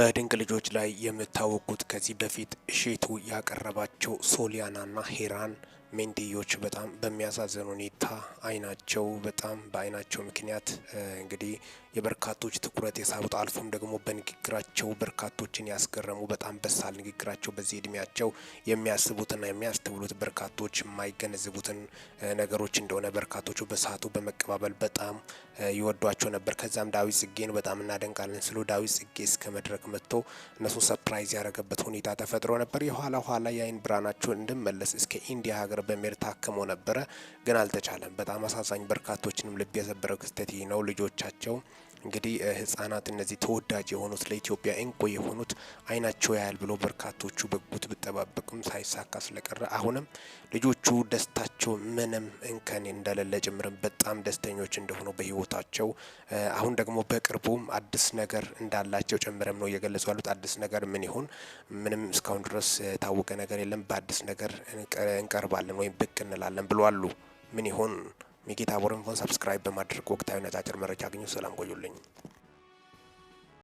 በድንቅ ልጆች ላይ የምታወቁት ከዚህ በፊት እሼቱ ያቀረባቸው ሶሊያናና ሄራን ሜንቲዮች በጣም በሚያሳዝን ሁኔታ አይናቸው በጣም በአይናቸው ምክንያት እንግዲህ የበርካቶች ትኩረት የሳቡት አልፎም ደግሞ በንግግራቸው በርካቶችን ያስገረሙ በጣም በሳል ንግግራቸው በዚህ እድሜያቸው የሚያስቡትና የሚያስተውሉት በርካቶች የማይገነዝቡትን ነገሮች እንደሆነ በርካቶቹ በሰዓቱ በመቀባበል በጣም ይወዷቸው ነበር። ከዛም ዳዊት ጽጌን በጣም እናደንቃለን ስሎ ዳዊት ጽጌ እስከ መድረክ መጥቶ እነሱ ሰፕራይዝ ያደረገበት ሁኔታ ተፈጥሮ ነበር። የኋላ ኋላ የአይን ብርሃናቸው እንድመለስ እስከ ኢንዲያ ሀገር ለመመርመር በሚሄድ ታክሞ ነበረ፣ ግን አልተቻለም። በጣም አሳዛኝ በርካቶችንም ልብ የሰበረ ክስተት ይህ ነው። ልጆቻቸው እንግዲህ ህጻናት እነዚህ ተወዳጅ የሆኑት ለኢትዮጵያ እንቁ የሆኑት አይናቸው ያያል ብሎ በርካቶቹ በጉት ብጠባበቅም ሳይሳካ ስለቀረ አሁንም ልጆቹ ደስታቸው ምንም እንከን እንደሌለ ጭምርም በጣም ደስተኞች እንደሆኑ በህይወታቸው አሁን ደግሞ በቅርቡም አዲስ ነገር እንዳላቸው ጭምርም ነው እየገለጹ ያሉት። አዲስ ነገር ምን ይሆን? ምንም እስካሁን ድረስ የታወቀ ነገር የለም። በአዲስ ነገር እንቀርባለን ወይም ብቅ እንላለን ብሎ አሉ። ምን ይሆን? ሚጌታ ቦረንፎን ሰብስክራይብ በማድረግ ወቅታዊ ነጫጭር መረጃ አግኙ። ሰላም ቆዩልኝ።